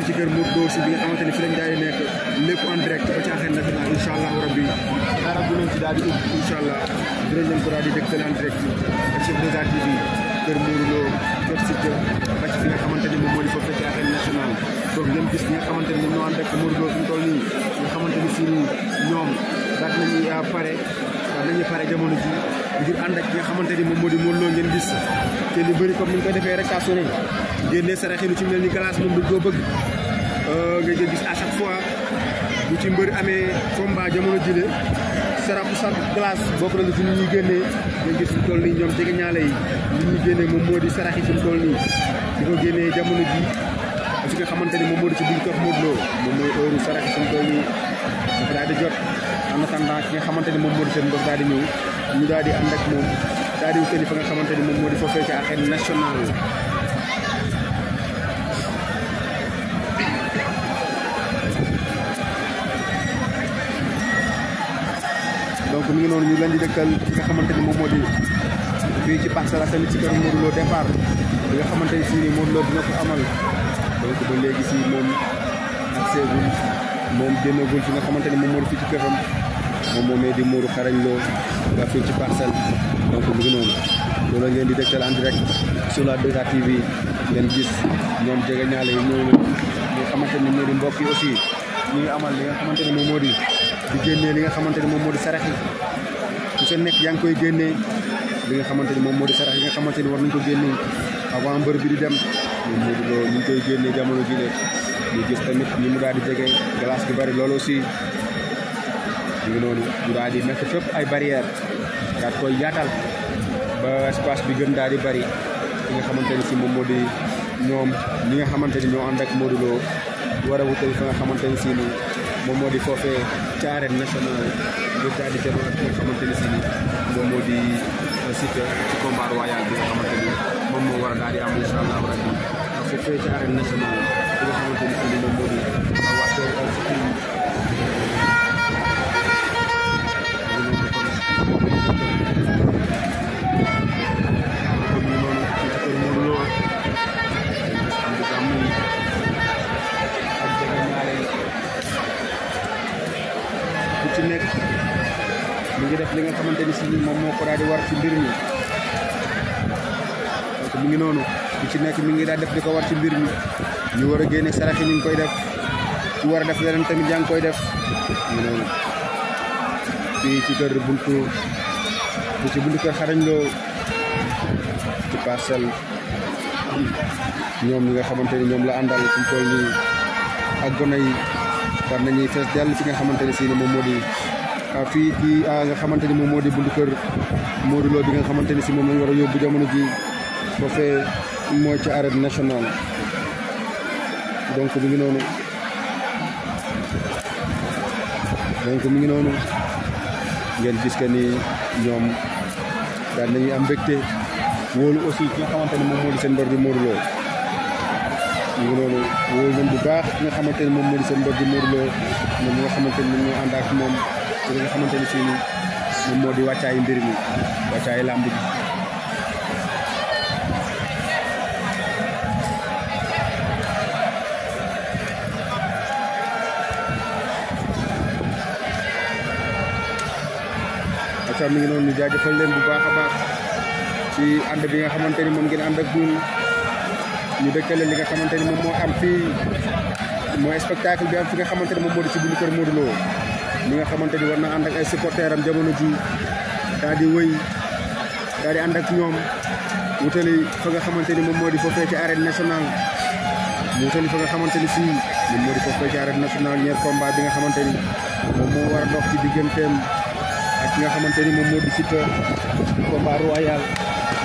fii ci kër Modou Lo si bi nga xamante ni fi lañ daal di nekk lépp en direct ba caaxaan na de gare bi kër Modou Lo ni moom moo di foofu caaxaan national ngeen gis ñi nga xamante ni ñoom ñoo ànd ak Modou Lo nga xamante si nii ñoom daal nañuy pare daal nañuy pare jamono ji ngir ànd xamante ni moom moo di Modou loo ngeen gis te li bëri comme ni ñu ko defee rek saa su génne sarax yi lu ci mel ni glace moom dañ koo bëgg euh, nga jël gis à chaque fois bu ci mbër amee combat jamono jile saraxu sax glace bokk na lu ci ni ñuy génnee nga gis mu toll nii ñoom jege ñaale yi li ñuy génnee moom moo di sarax yi fi toll nii di jamono ji fi nga xamante ni moom moo di ci buñ kër Modou Lo moom mooy heure sarax yi fi mu toll nii dafa daal ki nga xamante ni moom moo di seen mbër daal di ñëw ñu daal di ànd ak moom daal di wutali fa nga xamante ni moom moo di foofee ci arène nationale loolu ngi noonu ñu leen di dëkkal nga xamante ni moom moo di fii ci Parcelles Assainies ci kër Modou Lo départ bi nga xamante ni si Modou Lo dina ko amal donc ba léegi si moom ak seegul moom fi nga xamante ni moom moo di ci këram moom moomee di Modou xarañ Lo nga fii ci Parcelles donc mu ngi noonu loolu la ngeen di dëkkal en direct sur la 2A TV ngeen gis ñoom jege ñaale yi ñooñu ñi nga xamante ni moo di mbokk yi aussi ñu ngi amal li nga xamante ni moom moo di génnee li nga xamante ni moom moo di sarax yi ku sa nekk yaa ngi koy génnee li nga xamante ni moom moo di sarax yi nga xamante ni war nañ ko génnee avant mbër bi di dem moom moo di loolu ñu koy génnee jamono ji ne ñu gis tamit ñi mu daal di jege glace bu bari loolu aussi ñu ngi noonu di nekk fépp ay barrière daal koy yaatal ba espace bi gën daal di bari li nga xamante ni si moom moo di ñoom li nga xamante ni ñoo ànd ak Modou Lo war a wutal fa nga xamante ni si nii moom moo di foofee ca arène nationale bu daal di janoo ak nga xamante ni si ni moom moo di Siteu ci combat royal bi nga xamante ni moom moo war a di am incha allah rabbi foofee ca nationale bi nga xamante ni si ni moom moo di waa ci nekk mi ngi def li nga xamante ni si moom moo ko daal di war ci mbir mi donc mi ngi noonu ku ci nekk mi ngi daal def di ko war ci mbir mi ñu war a génne sarax yi ñu ngi koy def ci a def leneen tamit yaa koy def ñu noonu ci kër buntu ci buntu kër xarañ loo ci parcelle ñoom ñi nga xamante ni ñoom la àndal fi mu toll nii ak gone yi war nañuy fees dell fi nga xamante ne si ne moom moo di ah, fii ci ah, nga xamante ni moom moo di buntu kër Modou Lo bi nga xamante ni si moom lañ war a yóbbu jamono ji ba fee mooy ci arène nationale donc mi ngi noonu mi ngi noonu ngeen gis que ni ñoom daal nañuy am mbégte wóolu aussi ki nga xamante ni moom moo di seen mbër bi Modou Lo ñu ngi baax ki nga xamante ne moom moo seen mbokk Modou Lo moom mi nga xamante ne moom ñoo ànd moom te xamante ne si moom moo di wàccaayu mbir mi wàccaayu làmb mi ngi noonu ñu jaajëfal leen bu baax a baax ci ànd bi nga xamante ni moom ngeen ànd ak ñun ñu dëkkale li nga xamante ni moom moo am fii mooy spectacle bi am fi nga xamante ni moom moo di ci buñu kër Modou Lo li nga xamante ni war na ànd ak ay supporteurs jamono ji daal di wëy daal di ànd ak ñoom wutali fa nga xamante ni moom moo di foofee ci arène nationale mu wutali fa xamante ni fii moom moo di foofee ci arène nationale ñeer combat bi nga xamante ni moom moo war a ci digganteem ak ki nga xamante ni moom moo di Siteu combat royal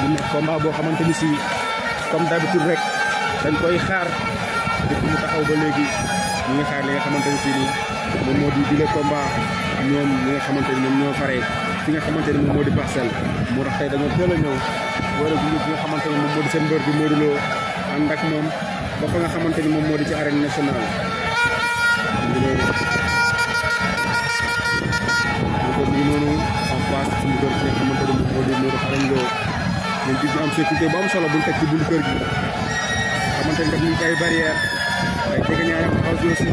bu nekk combat boo xamante ni si comme d'habitude rek dañ koy xaar depuis mu taxaw ba léegi ñu ngi xaar li nga xamante ne si ni moom moo di bile combat ñoom ñi nga xamante ni ñoom ñoo faree fi nga xamante ni moom moo di parcelle moo tax tey dañoo teel a ñëw wala bu nga xamante ni moom moo seen mbër bi Modou ak moom ba fa nga xamante ni moom moo di ci arène nationale ñu ngi noonu en face suñu kër gi nga xamante moom moo di Modou Xarañ Lo ñun di am sécurité bu am solo buñ teg ci buñ kër gi xamante ne def nañ ci ay barrière ay jegeñaayam xaw si aussi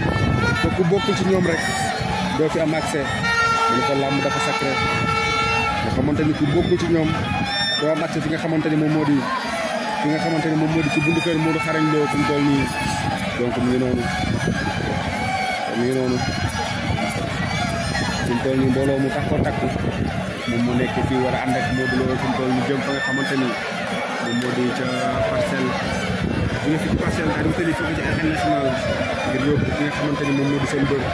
te ku bokkul ci ñoom rek doo fi am accès dañu ko làmb dafa sacré nga xamante ni ku bokkul ci ñoom doo am accès fi nga xamante ni moom moo di fi nga xamante ni moom moo di ci bundu kër Modou Xarañ Lo fi mu toll nii donc mu ngi noonu mu ngi noonu fi mu toll nii mbooloo mu tax ko takku moom mu nekk fii war a ànd ak Modou Lo fi mu toll nii jëm fa nga xamante ni moom moo di ca parcelle dina fi passé daal ki nga xamante ni moom moo di seen doom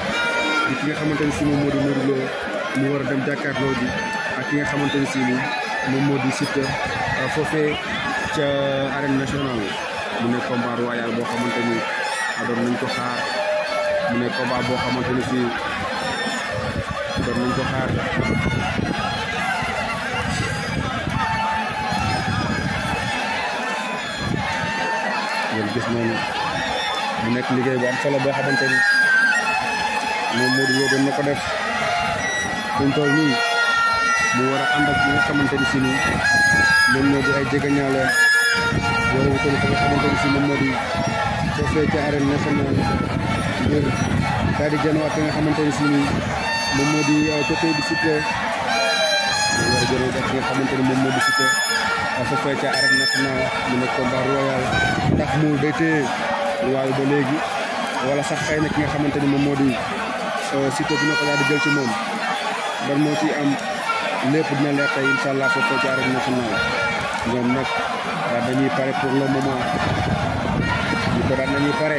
ki nga xamante ni si moom moo di Modou Lo mu war dem jàkkaarloo ji ak ki nga xamante ni si ni moom moo di Siteu euh, foofee ca arène nationale mu ne combat royal boo xamante ni doon nañ ko xaar mu ne combat boo xamante ni si doon nañ ko xaar gis noonu mu nekk liggéey bu am solo xamante ni moom Modou Lo ko def fi mu toll nii mu war a ànd nga xamante ni si nii ñoom ñoo di ay jegeñaale war a wutal ko nga xamante ni si moom moo di foofee ca arène nationale ngir daal di nga xamante ni si nii moom moo di euh, côté bi Siteu war a jënd waat nga xamante moom moo di foofee ca arène nationale mu nekk combat royal ndax moom day téye waaye ba léegi wala sax xëy na ki nga xamante ni moom moo di euh, Siteu dina ko daal di jël ci moom ban moo ci am lépp dina leer tey incha allah foofee ca arène nationale ñoom nag dañuy pare pour le moment ñu ko pare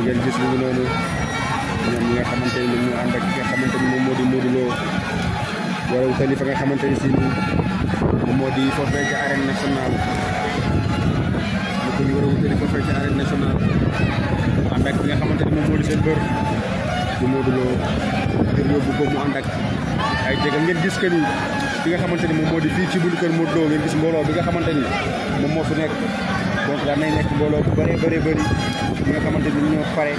ngeen gis ñu noonu ngeen nga xamante ni ñoo ànd ak ki moo di Modou wala wutali xamante ni si moom moo di foofee ca arène nationale lu ko ñu war a wutali foofee ca arène nationale ànd nga xamante ni moom moo di seen bër du Modou Lo ngir yóbbu ko mu ànd ak gis que nga xamante ni moom moo di fii ci bunt kër Modou Lo ngeen gis mbooloo bi nga xamante ni moom moo fi nekk donc daan nay nekk mbooloo bu bare bëri bëri ñi nga xamante ni ñoo pare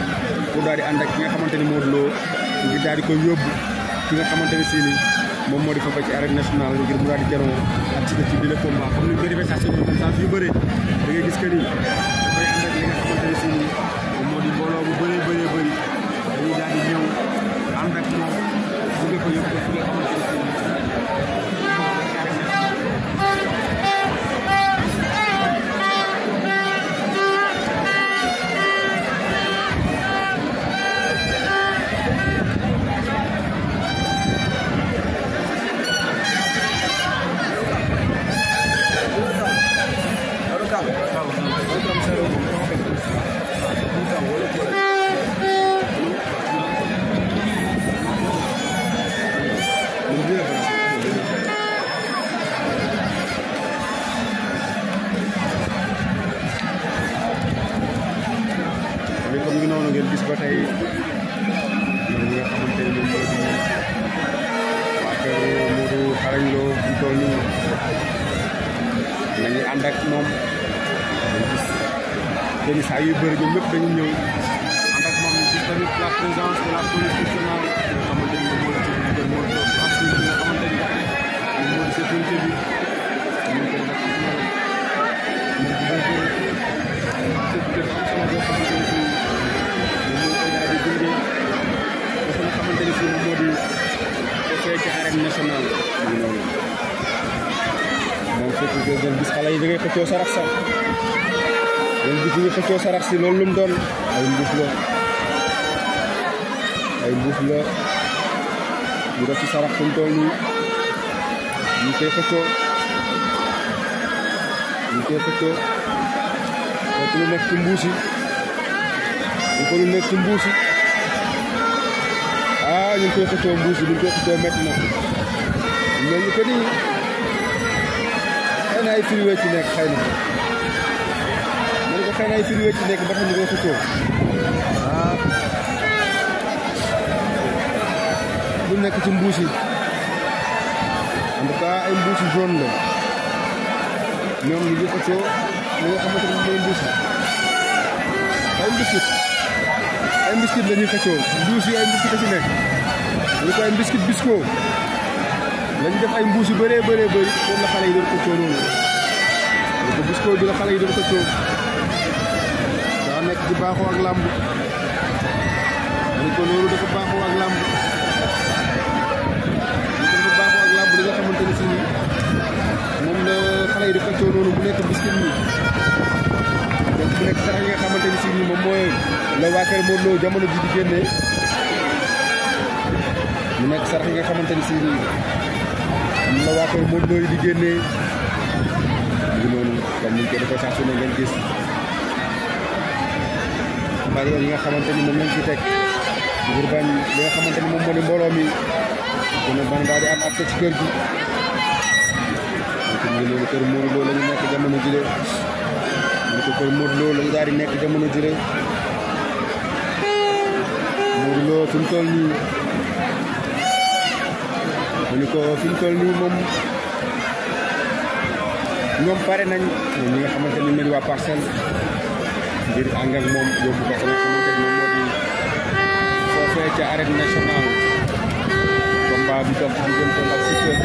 pour daal di ànd ak ki nga xamante ni Modou Lo ngir daal di koy yóbbu ki nga xamante ni si moom moo di fa ba ci arène nationale ngir mu daal di janoo ak si dëkk bi le combat comme ni bi manifestation yu bëree da ngay gis que ni dafay noonu ngeen gis ba tey ñoom ñi nga xamante ne ñoom ñoo di waa kër Modou Xarañ Lo fi mu toll nii nañu ànd ak moom dañu gis benn saa yu bëri ñoom ñëpp dañu ñëw ànd ak moom gis tamit la présence de la police nationale hymne national moom surtout que doon gis xale yi da ngay xëccoo sarax sax doon gis ñu xëccoo sarax si loolu lu mu ay mbuuf la ay mbuuf la ñu def ci sarax fu mu toll nii ñu koy xëccoo ñu koy xëccoo fekk lu nekk ci mbuus yi ci mbuus yi fois ñu ngi koy xëccoo mbuus bi ñu koy xëccoo métti na mais ñu ko ni xëy na ay firwee ci nekk xëy na ko xëy na ay firwee ci nekk ba tax ñu koy xëccoo ah bu nekk ci mbuus yi en tout cas ay mbuus jaune la ñoom ñu ngi xëccoo li nga xamante ne mooy mbuus ay mbuus ay mbuus la ñuy xëccoo mbuus yi ay mbuus la ci nekk ñu koy biscuit bisco lañ def ay mbuus yu bëree bëree bëri moom la xale yi doon ko noonu ñu bi la xale yi doon nekk ci baaxoo ak làmb ñu ko loolu dafa làmb ñu ko dafa li nga xamante ne si moom la xale yi di xëccoo noonu bu nekk biscuit nii xamante ne si nii moom mooy la waa kër Modou Lo jamono ji di génnee mu nekk sarax yi nga xamante ni si nii moom la waa koy Modou Lo yi di génnee mu noonu comme niñ ko defee saa su gis barrière yi nga xamante ni moom lañ fi teg ngir bañ nga xamante ni moom moo di mbooloo mi dina bañ daal di am accès ci kër gi donc ñu loolu kër Modou Lo la ñu nekk jamono jile ko kër Modou la ñu daal di nekk jamono jile Modou Lo fi mu toll nii mu ni nii moom ñoom pare nañ ñoom nga xamante ni mel waa parcelle ngir ànd ak moom yóbbu ko sama xamante ni di foofee ca arène nationale bi dox am jëm ak Siteu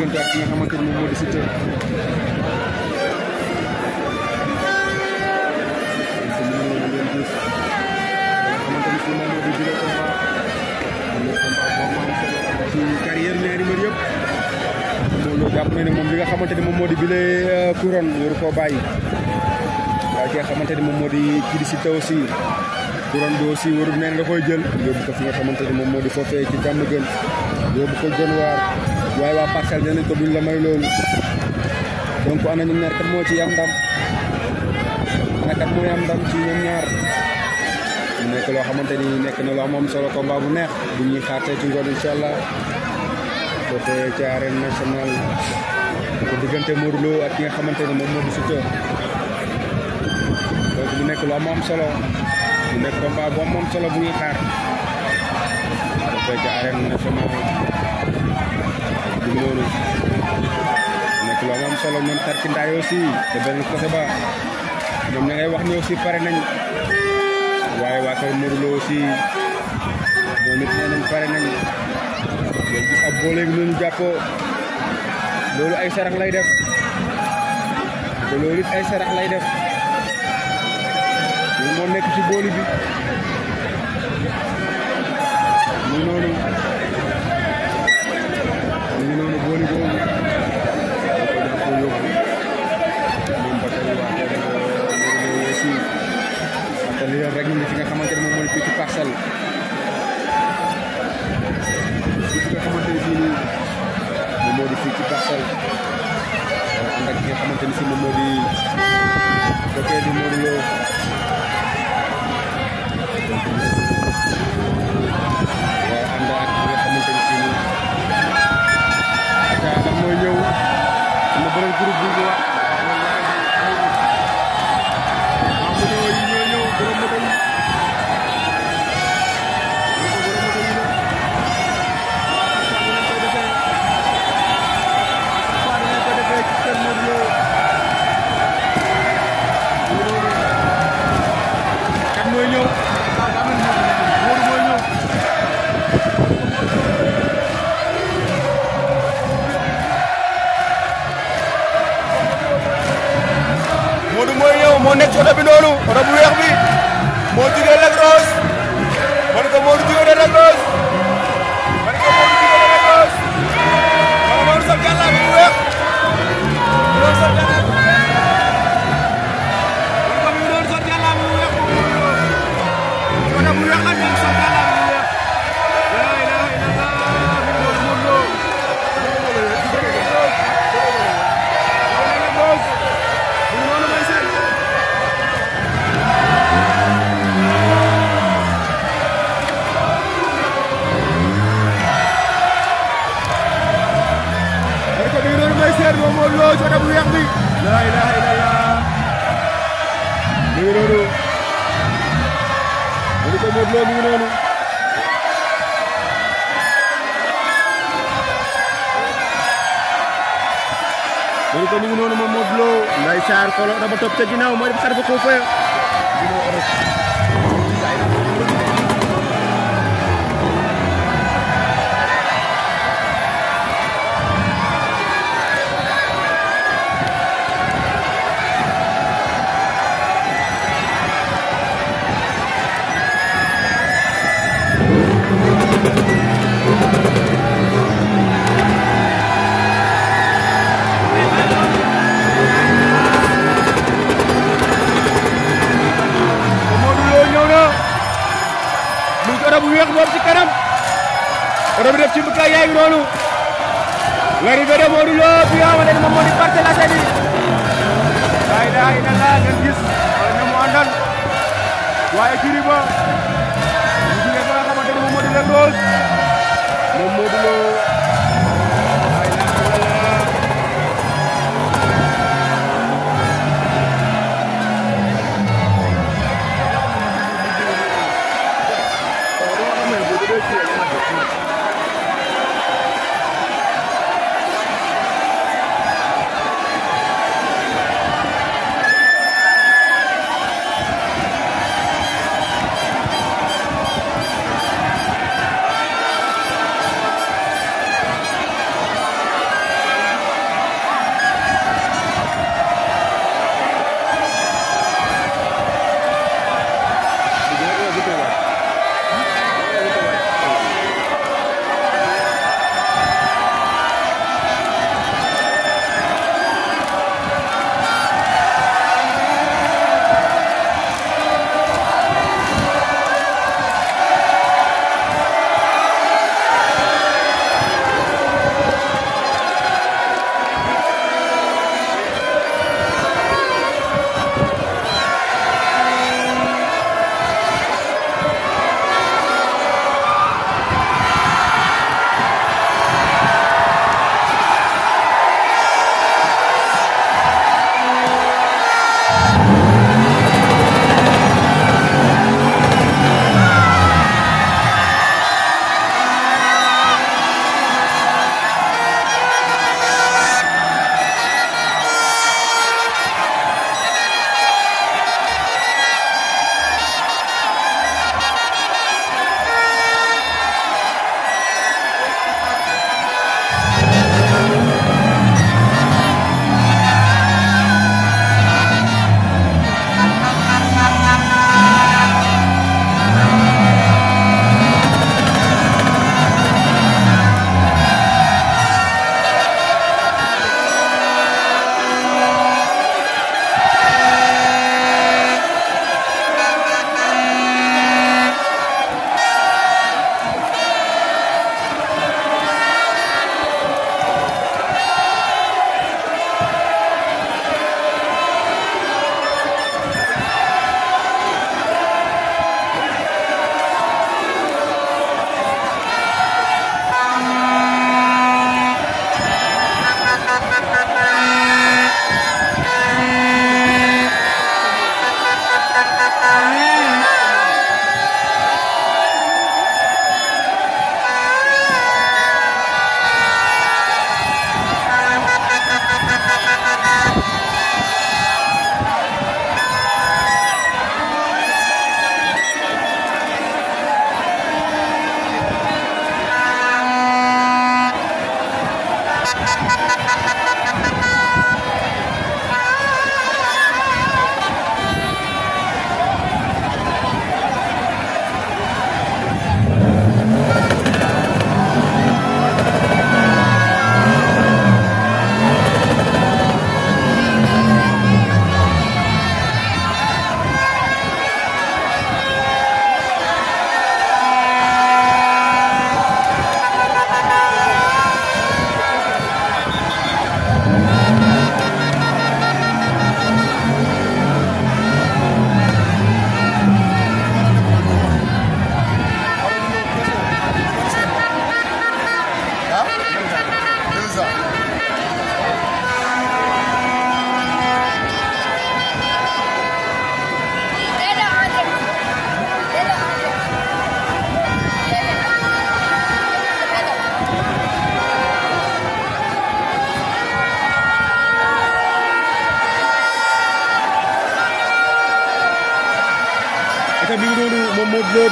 combat nga xamante ni moo di Siteu jàpp ne moom li nga xamante ni moom moo di bile euh, couronne koo bàyyi waaye ki xamante ni moom moo di kii di Siteu aussi couronne bi aussi warul neen nga koy fi nga xamante ni moom moo di foofee ci jàmm gën yóbbu ko gën waar waaye waa parcelle nee nañ ko buñ la may loolu donc ana ñoom ñaar kat moo ci am ndam ana kat mooy am ndam nekk loo xamante ni nekk na loo am solo combat bu neex bu ñuy xaar tey ci ngoon incha allah foofee ca arène nationale bu diggante Modou ki nga xamante ne moom moo di Siteu donc mu nekk lu moom solo mu nekk combat bu solo bu ñuy xaar foofee ca arène nationale bu loolu nekk lu am am solo ñoom tarkindaay aussi te benn côté ba ñoom ña ngay wax ni aussi pare nañ waaye waa kër Modou aussi ñoom it nee nañ nañ ngeen ab boo léegi noonu jàppoo loolu ay sarax lay def te ay sarax lay def ñu moo nekk ci boolu bi ñu noonu ñu noonu booli boobu ko jàppoo yóbbu rek ñu ngi fi nga xamante ne moom mooy fii ci parcelle moo di fii ci parcelle euh, ànd ak ki nga xamante ni si moom moo di Doké di Modou Lo jaga bu weex bi laa ilaaha illallah mu ngi noonu mu ngi ko Modou Lo mu ngi noonu mu ngi ko mu ngi noonu moom Modou Lo nday saar kolo dama topp ca ginnaaw moo def xar ba koo Ndiaye yaa ngi noonu nga rivéré Modou Lo bi nga xamante ne moom moo di la seen i. waaye ilaaha illallah ngeen mu àndal waaye juri ba ñu jugee ba nga xamante ne moom moo di Lac Rose moom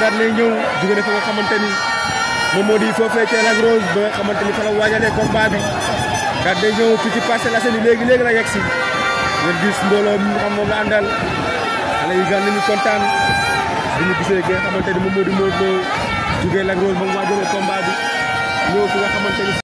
daal di ñëw jóge na fa nga xamante ni moom moo di foofee ca Lac Rose ba nga xamante ni fa la waajalee combat bi daal di ñëw fii ci Parcelles Assainies léegi léegi la yegg si ngeen gis mbooloo mi nga xam moom la àndal xale yi gan nañu kontaan bi ñu gisee ki nga ni moom moo di Modou Lo jóge Lac Rose ba mu waajalee combat bi ñëw fi nga